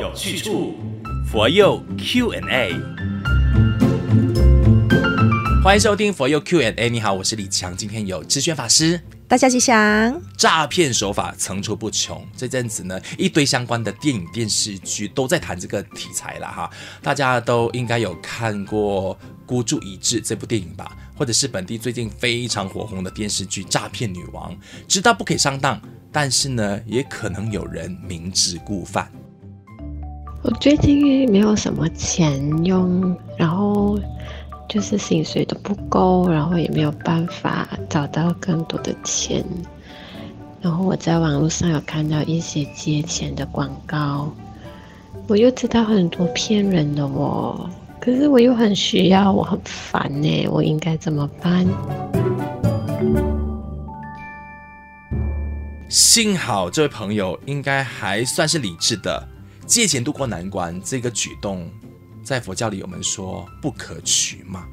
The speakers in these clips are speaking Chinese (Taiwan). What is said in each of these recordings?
有去處，佛佑 Q&A，歡迎收聽佛佑 Q&A。A, 你好，我是理強，今天有知宣法師，大家吉祥。詐騙手法層出不窮，這陣子呢，一堆相關的電影、電視劇都在談這個題材了哈。大家都應該有看過《孤注一擲》這部電影吧，或者是本地最近非常火紅的電視劇《詐騙女王》，知道不可以上當，但是呢，也可能有人明知故犯。我最近沒有什麼錢用，然後就是薪水都不夠，然後也沒有辦法找到更多的錢，然後我在網絡上有看到一些借錢的廣告，我又知道很多騙人的哦，可是我又很需要，我很煩欸，我應該怎麼辦？幸好這位朋友應該還算是理智的。借錢度過難關，這個舉動在佛教裡我們說不可取嘛。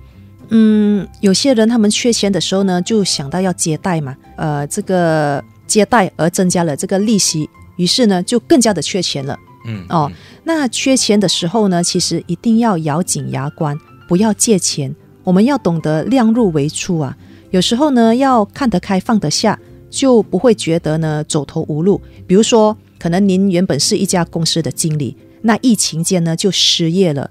嗯，有些人他們缺錢的時候呢，就想到要借貸嘛。呃，這個借貸而增加了這個利息，於是呢就更加的缺錢了。嗯哦，那缺錢的時候呢，其實一定要咬緊牙關，不要借錢。我們要懂得量入為出啊。有時候呢，要看得開放得下，就不會覺得呢走投無路。比如說。可能您原本是一家公司的經理，那疫情間呢就失業了，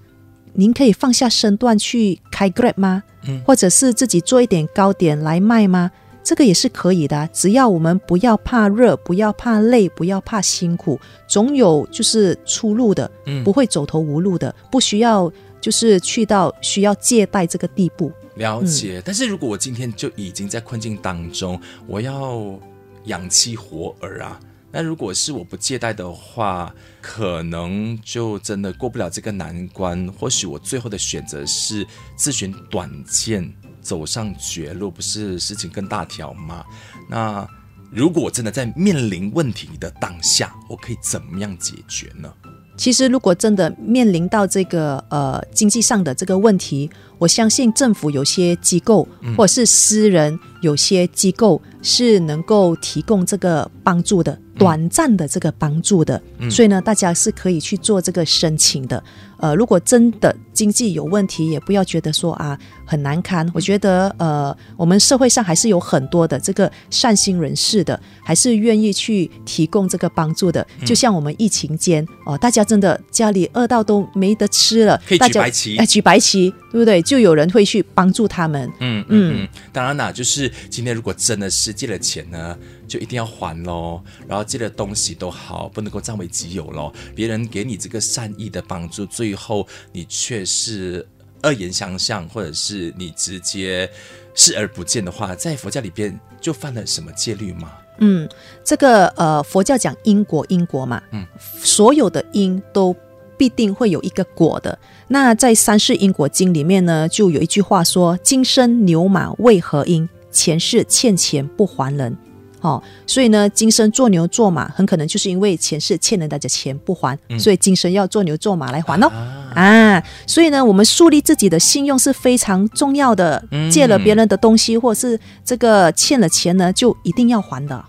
您可以放下身段去開 Grab 嗎？嗯，或者是自己做一點糕點來賣嗎？這個也是可以的，只要我們不要怕熱，不要怕累，不要怕辛苦，總有就是出路的，嗯，不會走投無路的，不需要就是去到需要借貸這個地步。了解，嗯，但是如果我今天就已經在困境當中，我要養妻活兒啊。那如果是我不借貸的話，可能就真的過不了這個難關。或許我最後的選擇是自尋短見，走上絕路，不是事情更大條嗎？那如果我真的在面臨問題的當下，我可以怎麼樣解決呢？其實，如果真的面臨到這個呃經濟上的這個問題，我相信政府有些機構或者是私人，嗯有些機構是能夠提供這個幫助的，嗯、短暫的這個幫助的，嗯、所以呢，大家是可以去做這個申請的。呃，如果真的經濟有問題，也不要覺得說啊很難堪。嗯、我覺得呃，我們社會上還是有很多的這個善心人士的，還是願意去提供這個幫助的。嗯、就像我們疫情間哦、呃，大家真的家裡餓到都沒得吃了，大家哎舉白旗。對不對？就有人會去幫助他們。嗯嗯，嗯，當然啦，就是今天如果真的是借了錢呢，就一定要還嘍。然後借的東西都好，不能夠占為己有嘍。別人給你這個善意的幫助，最後你卻是惡言相向，或者是你直接視而不見的話，在佛教裡邊就犯了什麼戒律嗎？嗯，這個呃，佛教講因果，因果嘛，嗯，所有的因都。必定會有一個果的。那在《三世因果經》裡面呢，就有一句話說：“今生牛馬為何因？前世欠錢不還人。”哦，所以呢，今生做牛做馬，很可能就是因為前世欠人家的錢不還，所以今生要做牛做馬來還哦，嗯、啊，所以呢，我們樹立自己的信用是非常重要的。借了別人的東西，或者是這個欠了錢呢，就一定要還的。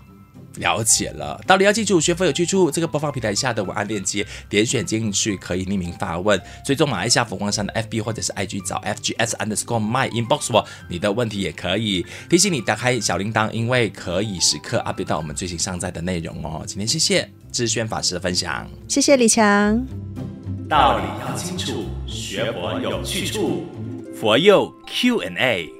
了解了，道理要清楚，學佛有去處。這個播放平台下的文案鏈接，點選進去可以匿名發問。追蹤馬來西亞，佛光山的 FB 或者是 IG，找 FGS Underscore My Inbox 我，你的問題也可以。提醒你打開小鈴鐺，因為可以時刻 update 到我們最新上載的內容哦。今天謝謝知宣法師的分享，謝謝理強。道理要清楚，學佛有去處。佛佑 Q&A。A.